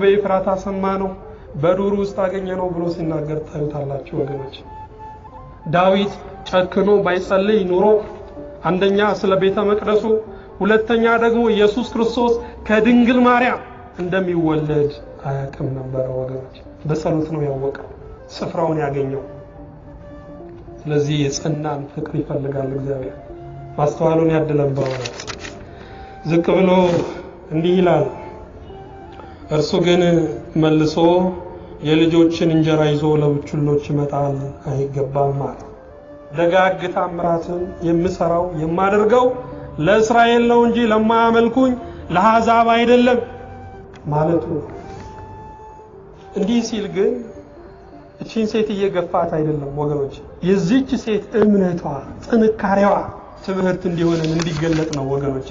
በኤፍራታ ሰማ ነው በዱር ውስጥ አገኘ ነው ብሎ ሲናገር ታዩታላችሁ ወገኖች። ዳዊት ጨክኖ ባይጸልይ ኑሮ አንደኛ ስለ ቤተ መቅደሱ፣ ሁለተኛ ደግሞ ኢየሱስ ክርስቶስ ከድንግል ማርያም እንደሚወለድ አያውቅም ነበረ ወገኖች። በጸሎት ነው ያወቀው ስፍራውን ያገኘው። ስለዚህ የጸናን ፍቅር ይፈልጋል እግዚአብሔር። ማስተዋሉን ያድለን። ዝቅ ብሎ እንዲህ ይላል እርሱ ግን መልሶ የልጆችን እንጀራ ይዞ ለብቹሎች ይመጣል አይገባም አለ። ደጋግ ታምራትን የምሰራው የማደርገው ለእስራኤል ነው እንጂ ለማያመልኩኝ ለአሕዛብ አይደለም ማለቱ ነው። እንዲህ ሲል ግን እቺን ሴት እየገፋት አይደለም ወገኖች፣ የዚች ሴት እምነቷ ጥንካሬዋ ትምህርት እንዲሆንን እንዲገለጥ ነው ወገኖቼ።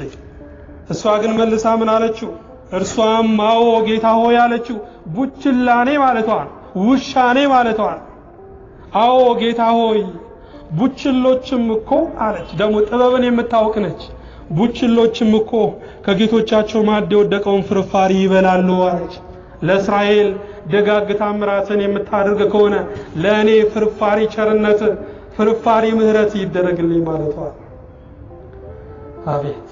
እሷ ግን መልሳ ምን አለችው? እርሷም አዎ ጌታ ሆይ አለችው ቡችላኔ ማለቷ ውሻኔ ማለቷ። አዎ ጌታ ሆይ ቡችሎችም እኮ አለች ደግሞ ጥበብን የምታውቅ ነች ቡችሎችም እኮ ከጌቶቻቸው ማድ የወደቀውን ፍርፋሪ ይበላሉ አለች ለእስራኤል ደጋግ ታምራትን የምታደርግ ከሆነ ለእኔ ፍርፋሪ ቸርነት ፍርፋሪ ምህረት ይደረግልኝ ማለቷ። አቤት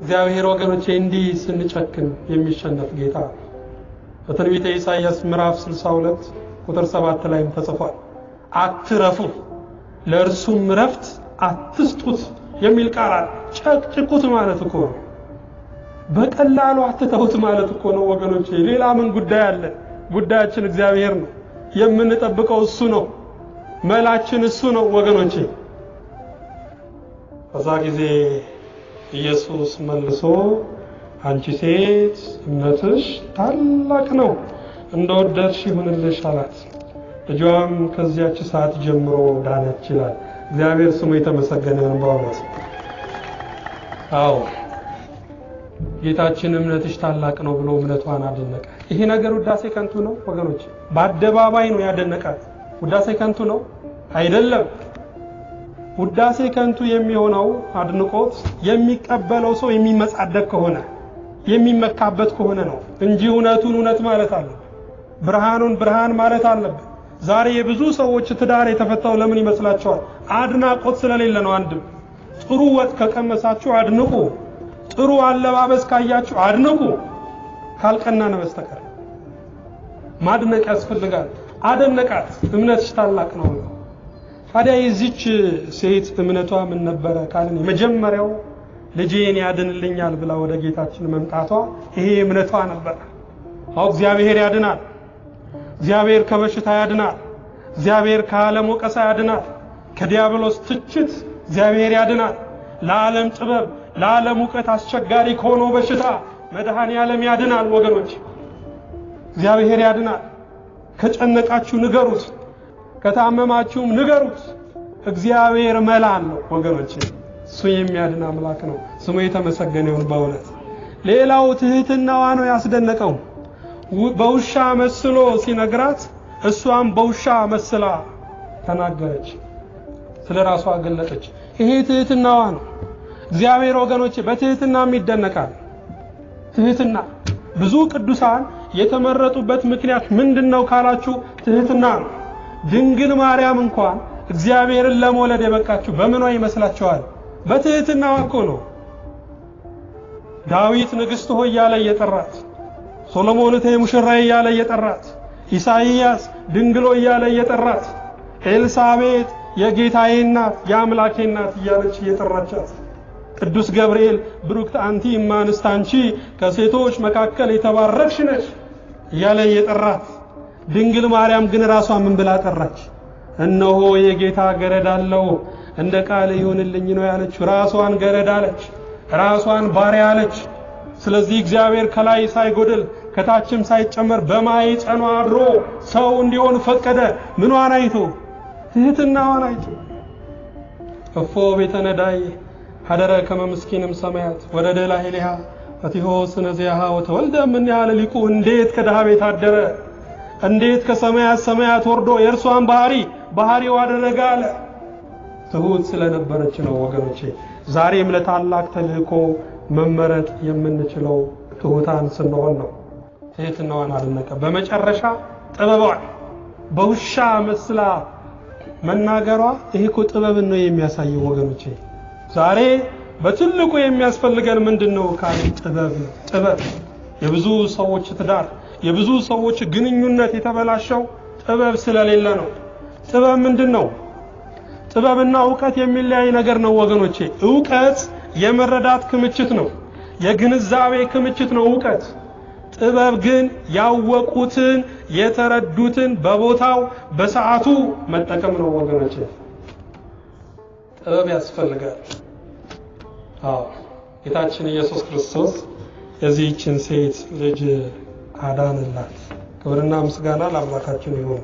እግዚአብሔር ወገኖቼ እንዲህ ስንጨክን የሚሸነፍ ጌታ በትንቢተ ኢሳይያስ ምዕራፍ 62 ቁጥር 7 ላይም ተጽፏል። አትረፉ ለእርሱም እረፍት አትስጡት የሚል ቃል አለ። ጨቅጭቁት ማለት እኮ ነው። በቀላሉ አትተውት ማለት እኮ ነው ወገኖቼ። ሌላ ምን ጉዳይ አለ? ጉዳያችን እግዚአብሔር ነው። የምንጠብቀው እሱ ነው። መላችን እሱ ነው ወገኖቼ። በዛ ጊዜ ኢየሱስ መልሶ አንቺ ሴት እምነትሽ ታላቅ ነው፣ እንደ ወደድሽ ይሁንልሽ አላት። ልጇም ከዚያች ሰዓት ጀምሮ ዳነች ይላል። እግዚአብሔር ስሙ የተመሰገነ ነው። በእውነት አዎ፣ ጌታችን እምነትሽ ታላቅ ነው ብሎ እምነቷን አደነቀ። ይሄ ነገር ውዳሴ ከንቱ ነው ወገኖች። በአደባባይ ነው ያደነቃት። ውዳሴ ከንቱ ነው አይደለም። ውዳሴ ከንቱ የሚሆነው አድንቆት የሚቀበለው ሰው የሚመጻደቅ ከሆነ የሚመካበት ከሆነ ነው እንጂ እውነቱን እውነት ማለት አለብን። ብርሃኑን ብርሃን ማለት አለብን። ዛሬ የብዙ ሰዎች ትዳር የተፈታው ለምን ይመስላቸዋል? አድናቆት ስለሌለ ነው። አንድም ጥሩ ወጥ ከቀመሳችሁ አድንቁ፣ ጥሩ አለባበስ ካያችሁ አድንቁ። ካልቀናነ በስተቀር ማድነቅ ያስፈልጋል። አደነቃት፣ እምነትሽ ታላቅ ነው። ታዲያ የዚች ሴት እምነቷ ምን ነበረ ካልን የመጀመሪያው ልጄን ያድንልኛል ብላ ወደ ጌታችን መምጣቷ ይሄ እምነቷ ነበረ። አዎ እግዚአብሔር ያድናል፣ እግዚአብሔር ከበሽታ ያድናል፣ እግዚአብሔር ከዓለም ወቀሳ ያድናል፣ ከዲያብሎስ ትችት እግዚአብሔር ያድናል፣ ለዓለም ጥበብ፣ ለዓለም እውቀት አስቸጋሪ ከሆነ በሽታ መድኃኔ ዓለም ያድናል። ወገኖች እግዚአብሔር ያድናል። ከጨነቃችሁ ንገሩት። ከታመማችሁም ንገሩት። እግዚአብሔር መላን ነው ወገኖች፣ እሱ የሚያድን አምላክ ነው። ስሙ የተመሰገነ ይሁን በእውነት። ሌላው ትህትናዋ ነው ያስደነቀው። በውሻ መስሎ ሲነግራት እሷም በውሻ መስላ ተናገረች፣ ስለ ራሷ ገለጠች። ይሄ ትህትናዋ ነው። እግዚአብሔር ወገኖች በትህትናም ይደነቃል። ትህትና ብዙ ቅዱሳን የተመረጡበት ምክንያት ምንድን ነው ካላችሁ፣ ትህትና ነው። ድንግል ማርያም እንኳን እግዚአብሔርን ለመውለድ የበቃችሁ በምኗ ይመስላችኋል? በትህትና እኮ ዳዊት ንግሥት ሆይ እያለ እየጠራት፣ ሶሎሞን እቴ ሙሽራዬ እያለ እየጠራት፣ ኢሳይያስ ድንግሎ እያለ እየጠራት፣ ኤልሳቤጥ የጌታዬ እናት የአምላኬ እናት እያለች እየጠራቻት ቅዱስ ገብርኤል ብሩክት አንቲ እማንስት አንቺ ከሴቶች መካከል የተባረክሽ ነች እያለ እየጠራት ድንግል ማርያም ግን ራሷ ምን ብላ ጠራች? እነሆ የጌታ ገረድ አለው እንደ ቃል ይሁንልኝ ነው ያለች። ራሷን ገረድ አለች፣ ራሷን ባሪያ አለች። ስለዚህ እግዚአብሔር ከላይ ሳይጎድል ከታችም ሳይጨመር በማኅፀኗ አድሮ ሰው እንዲሆን ፈቀደ። ምኗን አይቶ? ትሕትናዋን አይቶ። እፎ ቤተ ነዳይ ሀደረ ከመ ምስኪንም ሰማያት ወረደ ላዕሌሃ ፈቲሆ ስነዚያሃ ወተወልደ ምን ያለ ሊቁ። እንዴት ከድሃ ቤት አደረ እንዴት ከሰማያት ሰማያት ወርዶ የእርሷን ባህሪ ባህሪው አደረገ አለ። ትሁት ስለነበረች ነው ወገኖቼ። ዛሬም ለታላቅ ተልእኮ መመረጥ የምንችለው ትሁታን ስንሆን ነው። ትህትናዋን አደነቀ። በመጨረሻ ጥበቧን በውሻ መስላ መናገሯ ይሄ እኮ ጥበብን ነው የሚያሳየው ወገኖቼ። ዛሬ በትልቁ የሚያስፈልገን ምንድን ነው ካለ ጥበብ ነው። ጥበብ የብዙ ሰዎች ትዳር የብዙ ሰዎች ግንኙነት የተበላሸው ጥበብ ስለሌለ ነው። ጥበብ ምንድን ነው? ጥበብና እውቀት የሚለያይ ነገር ነው ወገኖቼ። እውቀት የመረዳት ክምችት ነው፣ የግንዛቤ ክምችት ነው እውቀት። ጥበብ ግን ያወቁትን የተረዱትን በቦታው በሰዓቱ መጠቀም ነው ወገኖቼ። ጥበብ ያስፈልጋል። አዎ ጌታችን ኢየሱስ ክርስቶስ የዚህችን ሴት ልጅ አዳንላት። ክብርና ምስጋና ለአምላካችን ይሁን።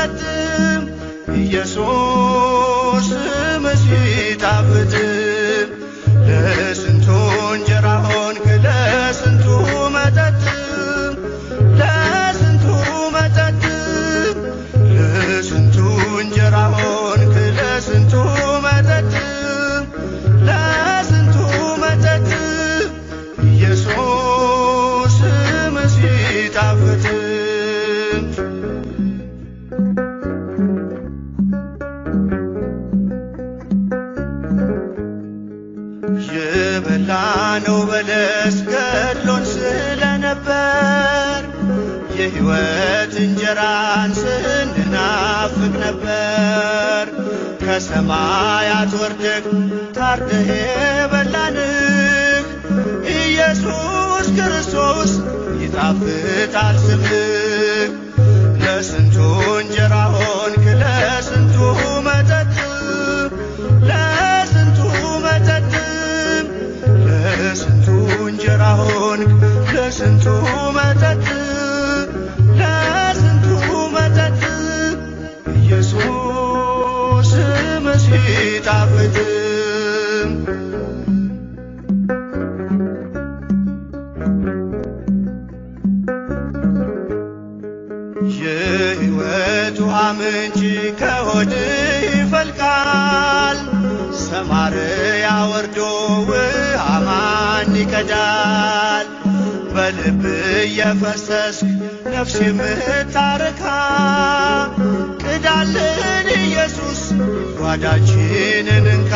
ሲያሳትም ኢየሱስ ጣፍጥ የሕይወት እንጀራን ስንናፍቅ ነበር። ከሰማያት ወርደህ ታርደህ የበላንህ ኢየሱስ ክርስቶስ ይጣፍጣል ስምህ ለስንቶች የህይወቱ አመንጭ ከሆድ ይፈልቃል። ሰማርያ ወርዶ ውሃ ማን ይቀዳል? በልብ እየፈሰስክ ነፍስ የምታረካ ቅዳልን ኢየሱስ ጓዳችንን እንካ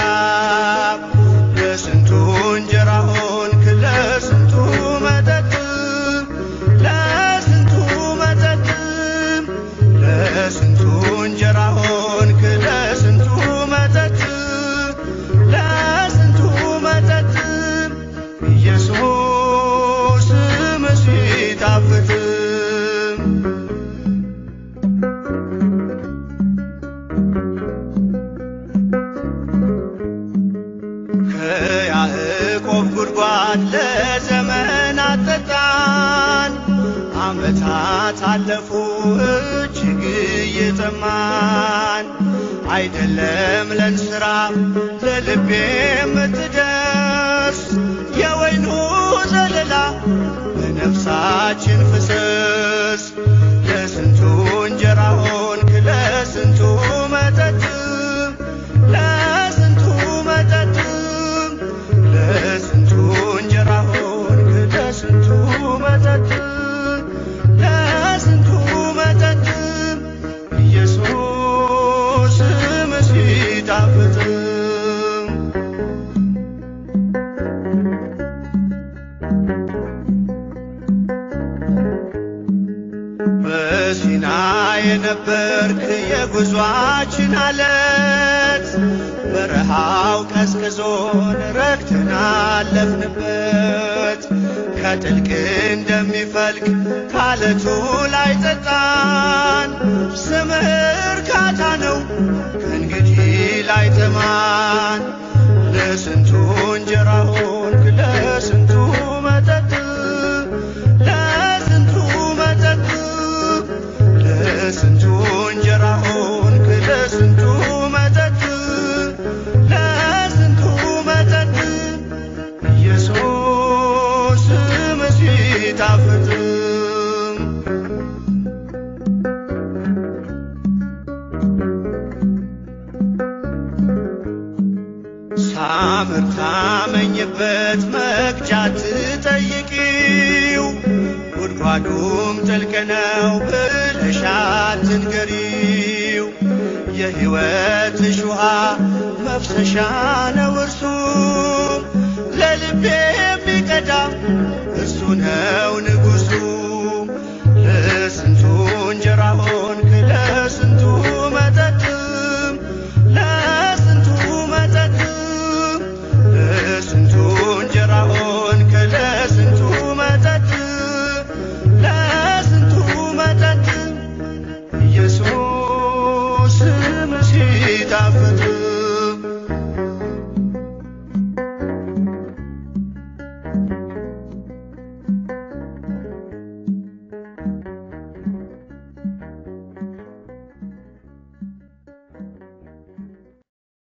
አይደለም ለንስራ ለልቤ ነበርክ የጉዟችን አለት በረሃው ቀዝቅዞን ረክትን አለፍንበት ከጥልቅ እንደሚፈልቅ ካለቱ ላይ ጠጣን። ስም እርካታ ነው ከእንግዲህ ላይ ተማን ለስንቱ እንጂ መፍሰሻ ነው እርሱ ለልቤ የሚቀዳ እርሱ ነው ንጉሱ። ለስንቱ እንጀራ ሆንክ ለስንቱ መጠጥ ለስንቱ መጠጥ ለስንቱ እንጀራ ሆንክ ለስንቱ መጠጥ ለስንቱ መጠጥ ኢየሱስ ምስጣፍጥ